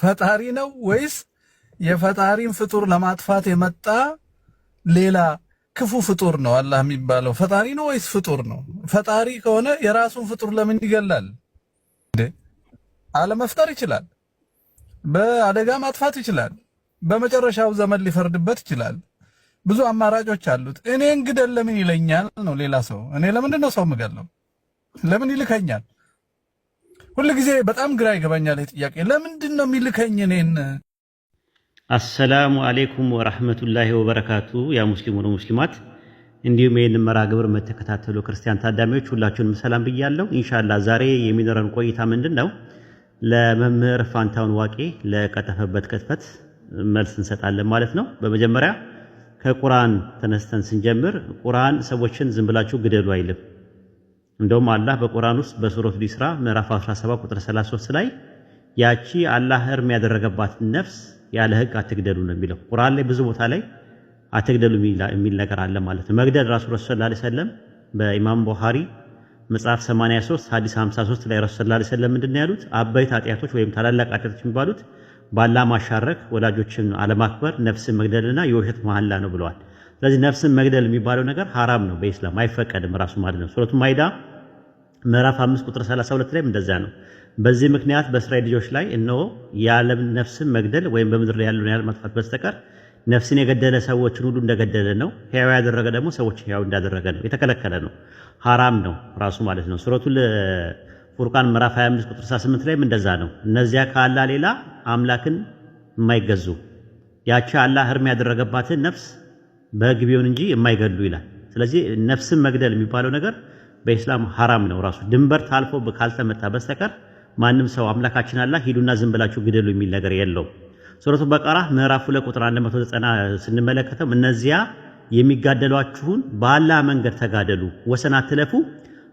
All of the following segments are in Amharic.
ፈጣሪ ነው ወይስ የፈጣሪን ፍጡር ለማጥፋት የመጣ ሌላ ክፉ ፍጡር ነው? አላህ የሚባለው ፈጣሪ ነው ወይስ ፍጡር ነው? ፈጣሪ ከሆነ የራሱን ፍጡር ለምን ይገላል? አለመፍጠር ይችላል። በአደጋ ማጥፋት ይችላል። በመጨረሻው ዘመን ሊፈርድበት ይችላል። ብዙ አማራጮች አሉት። እኔ እንግደል ለምን ይለኛል ነው ሌላ ሰው። እኔ ለምንድን ነው ሰው የምገለው? ለምን ይልከኛል? ሁል ጊዜ በጣም ግራ ይገባኛል። ጥያቄ ለምንድን ነው የሚልከኝ እኔን? አሰላሙ አሌይኩም ወራህመቱላሂ ወበረካቱ። ያ ሙስሊሙ ነው ሙስሊማት፣ እንዲሁም ይህን መርሃ ግብር የምትከታተሉ ክርስቲያን ታዳሚዎች ሁላችሁንም ሰላም ብያለሁ። ኢንሻላ ዛሬ የሚኖረን ቆይታ ምንድን ነው? ለመምህር ፋንታውን ዋቄ ለቀጠፈበት ቅጥፈት መልስ እንሰጣለን ማለት ነው። በመጀመሪያ ከቁርአን ተነስተን ስንጀምር ቁርአን ሰዎችን ዝም ብላችሁ ግደሉ አይልም። እንደውም አላህ በቁርአን ውስጥ በሱረት ኢስራ ምዕራፍ 17 ቁጥር 33 ላይ ያቺ አላህ እርም ያደረገባት ነፍስ ያለ ህግ አትግደሉ ነው የሚለው። ቁርአን ላይ ብዙ ቦታ ላይ አትግደሉ የሚል ነገር አለ ማለት ነው። መግደል ራሱ ረሱ ሰለላሁ ዐለይሂ ወሰለም በኢማም ቡኻሪ መጽሐፍ 83 ሐዲስ 53 ላይ ረሱ ሰለላሁ ዐለይሂ ወሰለም ምንድን ነው ያሉት? አበይት ኃጢአቶች ወይም ታላላቅ ኃጢአቶች የሚባሉት ባላ ማሻረክ፣ ወላጆችን አለማክበር፣ ነፍስን መግደልና የውሸት መሐላ ነው ብለዋል። ስለዚህ ነፍስን መግደል የሚባለው ነገር ሐራም ነው፣ በኢስላም አይፈቀድም ራሱ ማለት ነው። ሱረቱ ማይዳ ምዕራፍ 5 ቁጥር 32 ላይም እንደዛ ነው። በዚህ ምክንያት በእስራኤል ልጆች ላይ እነሆ የዓለም ነፍስን መግደል ወይም በምድር ላይ ያለውን ያህል ማጥፋት በስተቀር ነፍስን የገደለ ሰዎችን ሁሉ እንደገደለ ነው፣ ሕያው ያደረገ ደግሞ ሰዎች ሕያው እንዳደረገ ነው። የተከለከለ ነው፣ ሐራም ነው ራሱ ማለት ነው። ሱረቱል ፉርቃን ምዕራፍ 25 ቁጥር 68 ላይም እንደዛ ነው። እነዚያ ከአላህ ሌላ አምላክን የማይገዙ ያቺ አላ ህርም ያደረገባትን ነፍስ በግቢውን እንጂ የማይገሉ ይላል። ስለዚህ ነፍስን መግደል የሚባለው ነገር በኢስላም ሐራም ነው። ራሱ ድንበር ታልፎ ካልተመታ በስተቀር ማንም ሰው አምላካችን አላህ ሂዱና ዝም ብላችሁ ግደሉ የሚል ነገር የለውም። ሱረቱ በቀራ ምዕራፍ 2 ቁጥር 190 ስንመለከተው እነዚያ የሚጋደሏችሁን በአላህ መንገድ ተጋደሉ፣ ወሰን አትለፉ፣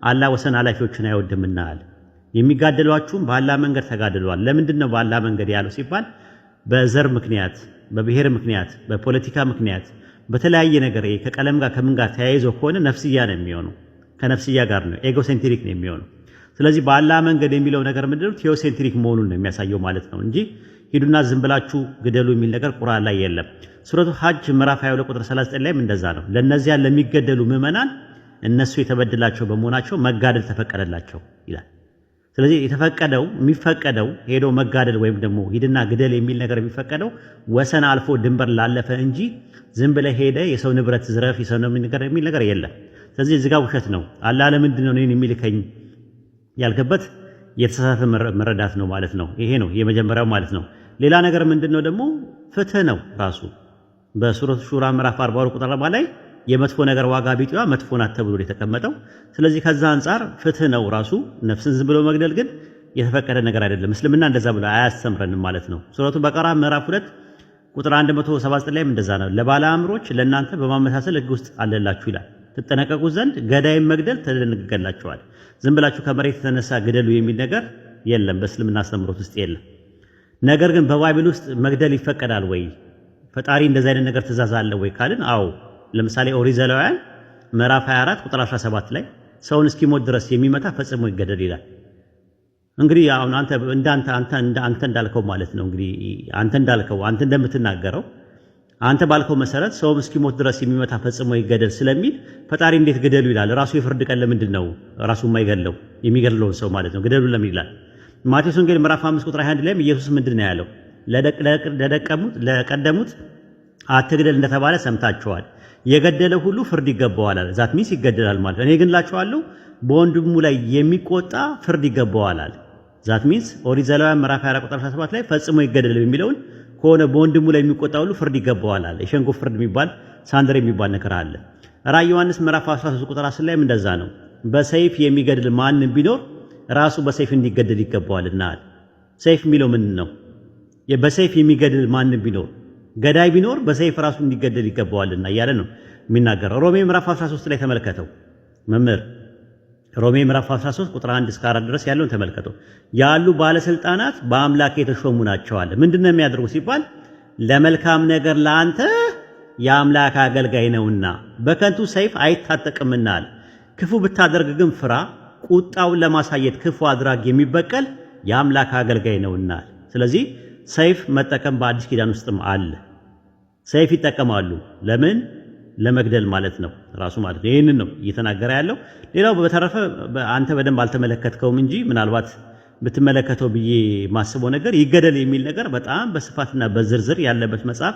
አላህ ወሰን አላፊዎችን አይወድምና አለ። የሚጋደሏችሁን በአላህ መንገድ ተጋደሏል። ለምንድን ነው በአላህ መንገድ ያለው ሲባል በዘር ምክንያት፣ በብሔር ምክንያት፣ በፖለቲካ ምክንያት፣ በተለያየ ነገር ከቀለም ጋር ከምን ጋር ተያይዞ ከሆነ ነፍስያ ነው የሚሆነው ከነፍስያ ጋር ነው። ኤጎሴንትሪክ ነው የሚሆነው። ስለዚህ በአላህ መንገድ የሚለው ነገር ምንድነው? ቴዎሴንትሪክ መሆኑን ነው የሚያሳየው ማለት ነው እንጂ ሂዱና ዝም ብላችሁ ግደሉ የሚል ነገር ቁርአን ላይ የለም። ሱረቱ ሀጅ ምዕራፍ 22 ቁጥር 39 ላይም እንደዛ ነው። ለነዚያ ለሚገደሉ ምዕመናን እነሱ የተበደላቸው በመሆናቸው መጋደል ተፈቀደላቸው ይላል። ስለዚህ የተፈቀደው የሚፈቀደው ሄዶ መጋደል ወይም ደግሞ ሂድና ግደል የሚል ነገር የሚፈቀደው ወሰን አልፎ ድንበር ላለፈ እንጂ ዝም ብለህ ሄደ የሰው ንብረት ዝረፍ የሰው ነገር የሚል ነገር የለም። ስለዚህ እዚህ ጋር ውሸት ነው። አላህ ለምንድን ነው እኔን የሚልከኝ ያልከበት የተሳሳተ መረዳት ነው ማለት ነው። ይሄ ነው የመጀመሪያው ማለት ነው። ሌላ ነገር ምንድን ነው ደግሞ ፍትህ ነው ራሱ በሱረት ሹራ ምዕራፍ 40 ቁጥር ላይ የመጥፎ ነገር ዋጋ ቢጤዋ መጥፎ ናት ተብሎ የተቀመጠው። ስለዚህ ከዛ አንጻር ፍትህ ነው ራሱ። ነፍስን ዝም ብሎ መግደል ግን የተፈቀደ ነገር አይደለም። እስልምና እንደዛ ብሎ አያስተምረንም ማለት ነው። ሱረቱ በቀራ ምዕራፍ 2 ቁጥር 179 ላይም እንደዛ ነው። ለባለ አእምሮች ለእናንተ በማመሳሰል ህግ ውስጥ አለላችሁ ይላል። ትጠነቀቁ ዘንድ ገዳይም መግደል ተደንግገላችኋል። ዝም ብላችሁ ከመሬት የተነሳ ግደሉ የሚል ነገር የለም፣ በእስልምና አስተምሮት ውስጥ የለም። ነገር ግን በባይብል ውስጥ መግደል ይፈቀዳል ወይ? ፈጣሪ እንደዚህ አይነት ነገር ትእዛዝ አለ ወይ ካልን፣ አዎ። ለምሳሌ ኦሪት ዘሌዋውያን ምዕራፍ 24 ቁጥር 17 ላይ ሰውን እስኪሞት ድረስ የሚመታ ፈጽሞ ይገደል ይላል። እንግዲህ አሁን አንተ እንዳልከው ማለት ነው እንግዲህ አንተ እንዳልከው አንተ እንደምትናገረው አንተ ባልከው መሰረት ሰውም እስኪሞት ድረስ የሚመታ ፈጽሞ ይገደል ስለሚል ፈጣሪ እንዴት ግደሉ ይላል? ራሱ የፍርድ ቀን ለምንድን ነው ራሱ የማይገድለው የሚገድለውን ሰው ማለት ነው ግደሉ ለምን ይላል? ማቴዎስ ወንጌል ምዕራፍ 5 ቁጥር 21 ላይም ኢየሱስ ምንድን ነው ያለው? ለደቀሙት ለቀደሙት አትግደል እንደተባለ ሰምታችኋል። የገደለ ሁሉ ፍርድ ይገባዋል አለ። ዛት ሚስ ይገደላል ማለት እኔ ግን ላችኋለሁ በወንድሙ ላይ የሚቆጣ ፍርድ ይገባዋል አለ። ዛት ሚስ ኦሪት ዘሌዋውያን ምዕራፍ 24 ቁጥር 17 ላይ ፈጽሞ ይገደል የሚለውን ከሆነ በወንድሙ ላይ የሚቆጣ ሁሉ ፍርድ ይገባዋል አለ። የሸንጎ ፍርድ የሚባል ሳንደር የሚባል ነገር አለ። ራዕይ ዮሐንስ ምዕራፍ 13 ቁጥር 10 ላይም እንደዛ ነው። በሰይፍ የሚገድል ማንም ቢኖር ራሱ በሰይፍ እንዲገደል ይገባዋልና አለ። ሰይፍ የሚለው ምን ነው? በሰይፍ የሚገድል ማንም ቢኖር ገዳይ ቢኖር በሰይፍ ራሱ እንዲገደል ይገባዋልና እያለ ነው የሚናገረው። ሮሜ ምዕራፍ 13 ላይ ተመልከተው መምህር ሮሜ ምዕራፍ 13 ቁጥር 1 እስከ 4 ድረስ ያለውን ተመልከቱ። ያሉ ባለስልጣናት በአምላክ የተሾሙ ናቸው አለ። ምንድነው የሚያደርጉ ሲባል ለመልካም ነገር ለአንተ የአምላክ አገልጋይ ነውና በከንቱ ሰይፍ አይታጠቅምና አለ። ክፉ ብታደርግ ግን ፍራ፣ ቁጣውን ለማሳየት ክፉ አድራጊ የሚበቀል የአምላክ አገልጋይ ነውና አለ። ስለዚህ ሰይፍ መጠቀም በአዲስ ኪዳን ውስጥም አለ። ሰይፍ ይጠቀማሉ ለምን? ለመግደል ማለት ነው ራሱ ማለት ነው። ይህንን ነው እየተናገረ ያለው። ሌላው በተረፈ አንተ በደንብ አልተመለከትከውም እንጂ ምናልባት ብትመለከተው ብዬ ማስበው ነገር ይገደል የሚል ነገር በጣም በስፋትና በዝርዝር ያለበት መጽሐፍ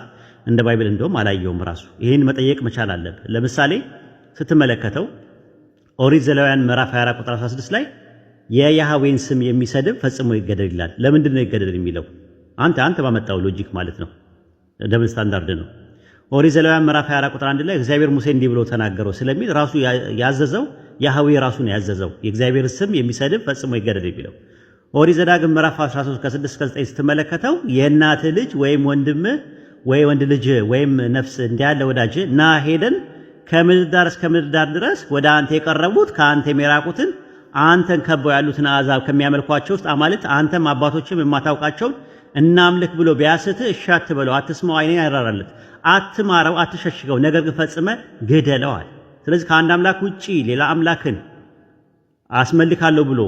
እንደ ባይብል እንደውም አላየውም። ራሱ ይህን መጠየቅ መቻል አለብህ። ለምሳሌ ስትመለከተው ኦሪት ዘሌዋውያን ምዕራፍ 24 ቁጥር 16 ላይ የያህዌን ስም የሚሰድብ ፈጽሞ ይገደል ይላል። ለምንድን ነው ይገደል የሚለው? አንተ አንተ ባመጣው ሎጂክ ማለት ነው። ደብል ስታንዳርድ ነው። ኦሪት ዘሌዋውያን ምዕራፍ 24 ቁጥር 1 ላይ እግዚአብሔር ሙሴ እንዲህ ብሎ ተናገረው ስለሚል ራሱ ያዘዘው ያህዌ ራሱን ያዘዘው። የእግዚአብሔር ስም የሚሰድብ ፈጽሞ ይገደል የሚለው ኦሪት ዘዳግም ምዕራፍ 13 ከ6 እስከ 9 ስትመለከተው የእናት ልጅ ወይም ወንድም ወይ ወንድ ልጅ ወይም ነፍስ እንዲያለ ወዳጅ ና ሄደን ከምድር ዳር እስከ ምድር ዳር ድረስ ወደ አንተ የቀረቡት ከአንተ የሚራቁትን አንተን ከበው ያሉትን አሕዛብ ከሚያመልኳቸው ውስጥ አማልክት አንተም አባቶችም የማታውቃቸውን እናምልክ ብሎ ቢያስትህ እሺ አትበለው፣ አትስማው፣ ዓይኔ ያራራለት አትማረው፣ አትሸሽገው፣ ነገር ግን ፈጽመ ግደለዋል። ስለዚህ ከአንድ አምላክ ውጪ ሌላ አምላክን አስመልካለሁ ብሎ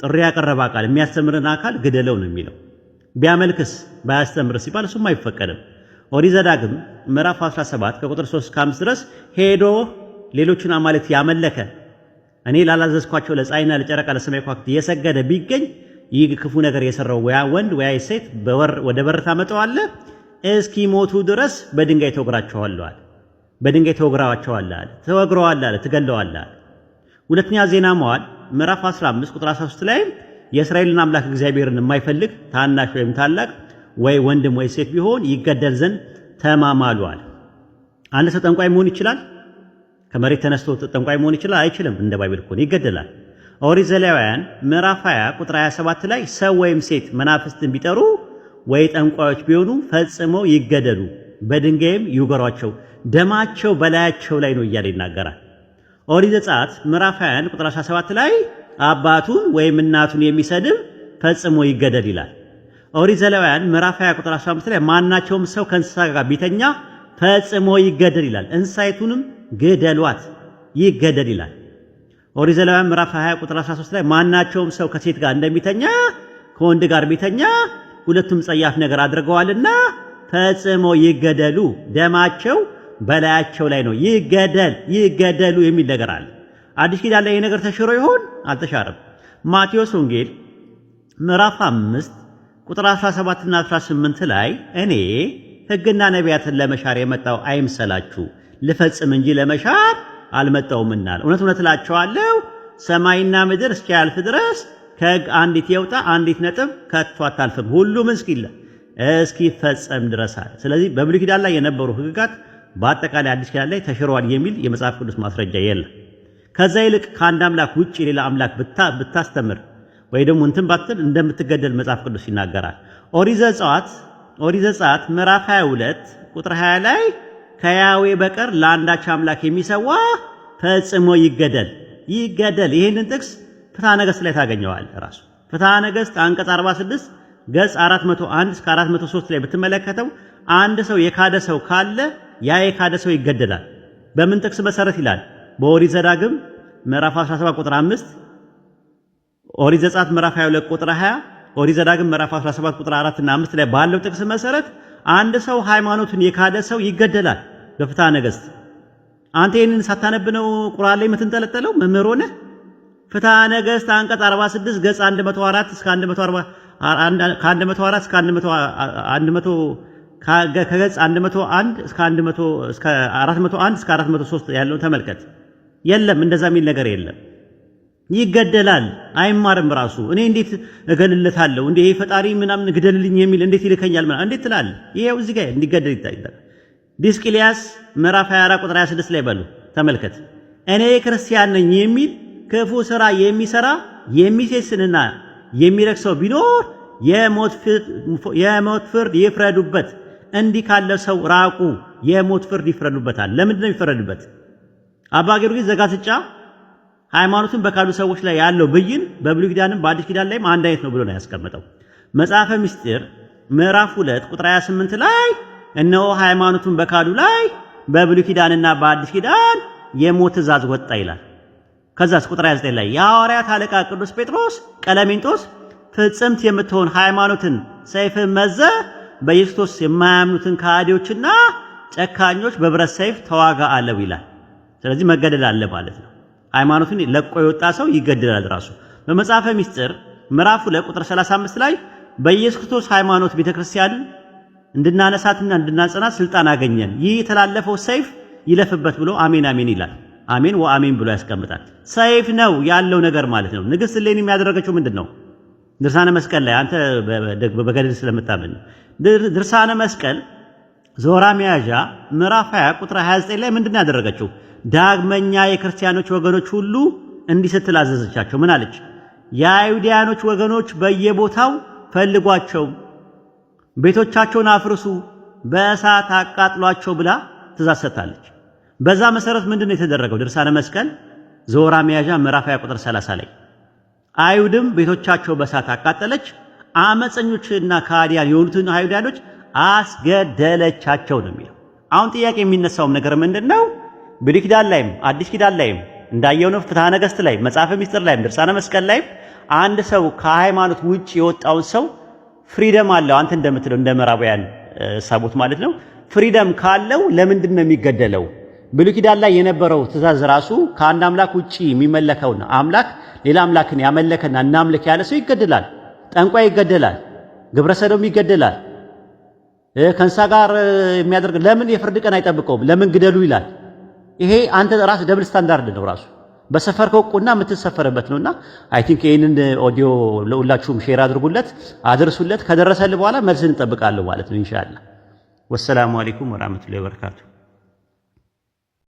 ጥሪ ያቀረበ አካል የሚያስተምርን አካል ግደለው ነው የሚለው። ቢያመልክስ ባያስተምር ሲባል እሱም አይፈቀድም። ኦሪት ዘዳግም ምዕራፍ 17 ከቁጥር 3 እስከ 5 ድረስ ሄዶ ሌሎችን አማልክት ያመለከ እኔ ላላዘዝኳቸው ለፀሐይና ለጨረቃ ለሰማይ ከዋክብት የሰገደ ቢገኝ ይህ ክፉ ነገር የሰራው ወያ ወንድ ወያ ሴት ወደ በር ታመጣዋለህ እስኪ ሞቱ ድረስ በድንጋይ ተወግራቸዋል አለ። በድንጋይ ተወግረዋቸዋል አለ። ተወግረዋል አለ። አለ። ሁለተኛ ዜና መዋዕል ምዕራፍ 15 ቁጥር 13 ላይ የእስራኤልን አምላክ እግዚአብሔርን የማይፈልግ ታናሽ ወይም ታላቅ ወይ ወንድም ወይ ሴት ቢሆን ይገደል ዘንድ ተማማሉ አለ። አንድ ሰው ጠንቋይ መሆን ይችላል? ከመሬት ተነስቶ ጠንቋይ መሆን ይችላል? አይችልም። እንደ ባይብል ከሆነ ይገደላል። ኦሪት ዘሌዋውያን ምዕራፍ 20 ቁጥር 27 ላይ ሰው ወይም ሴት መናፍስትን ቢጠሩ ወይ ጠንቋዮች ቢሆኑ ፈጽመው ይገደሉ፣ በድንጋይም ይውገሯቸው፣ ደማቸው በላያቸው ላይ ነው እያለ ይናገራል። ኦሪት ዘጸአት ምዕራፍ 21 ቁጥር 17 ላይ አባቱን ወይም እናቱን የሚሰድብ ፈጽሞ ይገደል ይላል። ኦሪት ዘሌዋውያን ምዕራፍ 20 ቁጥር 15 ላይ ማናቸውም ሰው ከእንስሳ ጋር ቢተኛ ፈጽሞ ይገደል ይላል። እንስሳይቱንም ግደሏት፣ ይገደል ይላል። ኦሪት ዘሌዋውያን ምዕራፍ 20 ቁጥር 13 ላይ ማናቸውም ሰው ከሴት ጋር እንደሚተኛ ከወንድ ጋር ቢተኛ ሁለቱም ጸያፍ ነገር አድርገዋልና ፈጽሞ ይገደሉ፣ ደማቸው በላያቸው ላይ ነው። ይገደል ይገደሉ የሚል ነገር አለ። አዲስ ኪዳን ላይ የነገር ነገር ተሽሮ ይሆን? አልተሻረም። ማቴዎስ ወንጌል ምዕራፍ 5 ቁጥር 17 እና 18 ላይ እኔ ሕግና ነቢያትን ለመሻር የመጣው አይምሰላችሁ ልፈጽም እንጂ ለመሻር አልመጣውምና፣ እውነት እውነት እላችኋለሁ ሰማይና ምድር እስኪያልፍ ድረስ ከሕግ አንዲት የውጣ አንዲት ነጥብ ከቶ አታልፍም፣ ሁሉም እስኪለ እስኪፈጸም ድረስ አለ። ስለዚህ በብሉይ ኪዳን ላይ የነበሩ ህግጋት በአጠቃላይ አዲስ ኪዳን ላይ ተሽረዋል የሚል የመጽሐፍ ቅዱስ ማስረጃ የለም። ከዛ ይልቅ ከአንድ አምላክ ውጭ ሌላ አምላክ ብታስተምር ወይ ደግሞ እንትን ባትል እንደምትገደል መጽሐፍ ቅዱስ ይናገራል። ኦሪት ዘጸአት ኦሪት ዘጸአት ምዕራፍ 22 ቁጥር 20 ላይ ከያዌ በቀር ለአንዳች አምላክ የሚሰዋ ፈጽሞ ይገደል ይገደል። ይህንን ጥቅስ ፍትሐ ነገሥት ላይ ታገኘዋል። ራሱ ፍትሐ ነገሥት አንቀጽ 46 ገጽ 401 እስከ 403 ላይ ብትመለከተው አንድ ሰው የካደ ሰው ካለ ያ የካደ ሰው ይገደላል። በምን ጥቅስ መሰረት ይላል? በኦሪት ዘዳግም ምዕራፍ 17 ቁጥር 5፣ ኦሪት ዘጸአት ምዕራፍ 22 ቁጥር 20፣ ኦሪት ዘዳግም ምዕራፍ 17 ቁጥር 4 እና 5 ላይ ባለው ጥቅስ መሰረት አንድ ሰው ሃይማኖቱን የካደ ሰው ይገደላል በፍትሐ ነገሥት። አንተ ይህንን ሳታነብ ነው ቁርአን ላይ የምትንጠለጠለው መምህር ሆነህ? ፍትሐ ነገሥት አንቀጽ 46 ገጽ 104 እስከ 104 ከ104 እስከ 100 ከገጽ 101 እስከ 100 እስከ 401 እስከ 403 ያለውን ተመልከት። የለም እንደዛ የሚል ነገር የለም። ይገደላል፣ አይማርም። ራሱ እኔ እንዴት እገልለታለሁ? እንዴ ይሄ ፈጣሪ ምናምን ግደልልኝ የሚል እንዴት ይልከኛል? ምናምን እንዴት ትላለህ? ይሄው እዚህ ጋር እንዲገደል ይታያል። ዲስቅልያስ ምዕራፍ 24 ቁጥር 26 ላይ በሉ ተመልከት። እኔ ክርስቲያን ነኝ የሚል ክፉ ሥራ የሚሰራ የሚሴስንና የሚረክሰው ቢኖር የሞት ፍርድ ይፍረዱበት። እንዲህ ካለ ሰው ራቁ። የሞት ፍርድ ይፍረዱበታል። ለምንድን ነው ይፈረዱበት? አባ ጊዮርጊስ ዘጋስጫ ሃይማኖቱን በካዱ ሰዎች ላይ ያለው ብይን በብሉይ ኪዳንም በአዲስ ኪዳን ላይም አንድ አይነት ነው ብሎ ነው ያስቀመጠው። መጽሐፈ ምስጢር ምዕራፍ 2 ቁጥር 28 ላይ እነሆ ሃይማኖቱን በካዱ ላይ በብሉይ ኪዳንና በአዲስ ኪዳን የሞት ትእዛዝ ወጣ ይላል። ከዛስ ቁጥር 29 ላይ የሐዋርያት አለቃ ቅዱስ ጴጥሮስ ቀለሚንጦስ ፍጽምት የምትሆን ሃይማኖትን ሰይፍ መዘ በኢየሱስ የማያምኑትን ከሃዲዎችና ጨካኞች በብረት ሰይፍ ተዋጋ አለው ይላል። ስለዚህ መገደል አለ ማለት ነው። ሃይማኖቱን ለቆ የወጣ ሰው ይገደላል ራሱ። በመጽሐፈ ሚስጥር ምዕራፉ ለቁጥር ቁጥር 35 ላይ በኢየሱስ ክርስቶስ ሃይማኖት ቤተክርስቲያን እንድናነሳትና እንድናጸናት ስልጣን አገኘን፣ ይህ የተላለፈው ሰይፍ ይለፍበት ብሎ አሜን አሜን ይላል። አሚን ወአሚን ብሎ ያስቀምጣል። ሰይፍ ነው ያለው ነገር ማለት ነው። ንግሥት እሌኒ የሚያደረገችው ምንድን ነው? ድርሳነ መስቀል ላይ አንተ በገድል ስለምታምን ድርሳነ መስቀል ዞራ መያዣ ምዕራፍ 20 ቁጥር 29 ላይ ምንድን ነው ያደረገችው? ዳግመኛ የክርስቲያኖች ወገኖች ሁሉ እንዲህ ስትል አዘዘቻቸው። ምን አለች? የአይሁዲያኖች ወገኖች በየቦታው ፈልጓቸው፣ ቤቶቻቸውን አፍርሱ፣ በእሳት አቃጥሏቸው ብላ ትእዛዝ ሰጥታለች። በዛ መሰረት ምንድን ነው የተደረገው? ድርሳነ መስቀል ዘወራ መያዣ ምዕራፍ 20 ቁጥር 30 ላይ አይሁድም ቤቶቻቸው በሳት አቃጠለች፣ አመፀኞችና ካዲያን የሆኑትን አይሁዳኖች አስገደለቻቸው ነው የሚለው። አሁን ጥያቄ የሚነሳውም ነገር ምንድን ነው? ብሉይ ኪዳን ላይም አዲስ ኪዳን ላይም እንዳየው ነው ፍትሐ ነገሥት ላይ መጽሐፈ ሚስጥር ላይም ድርሳነ መስቀል ላይም አንድ ሰው ከሃይማኖት ውጭ የወጣውን ሰው ፍሪደም አለው። አንተ እንደምትለው እንደ ምዕራባውያን ሳቦት ማለት ነው ፍሪደም ካለው ለምንድን ነው የሚገደለው? ብሉይ ኪዳን ላይ የነበረው ትእዛዝ ራሱ ከአንድ አምላክ ውጪ የሚመለከውን አምላክ ሌላ አምላክን ያመለከና እናምልክ ያለ ሰው ይገደላል። ጠንቋይ ይገደላል። ግብረ ሰዶም ይገደላል። ከእንስሳ ጋር የሚያደርግ ለምን የፍርድ ቀን አይጠብቀውም? ለምን ግደሉ ይላል? ይሄ አንተ ራስ ደብል ስታንዳርድ ነው ራሱ በሰፈር ከውቁና የምትሰፈርበት ነውና፣ አይ ቲንክ ይህንን ኦዲዮ ለሁላችሁም ሼር አድርጉለት፣ አድርሱለት። ከደረሰል በኋላ መልስ እንጠብቃለሁ ማለት ነው ኢንሻአላህ። ወሰላሙ አለይኩም ወራህመቱላሂ ወበረካቱ።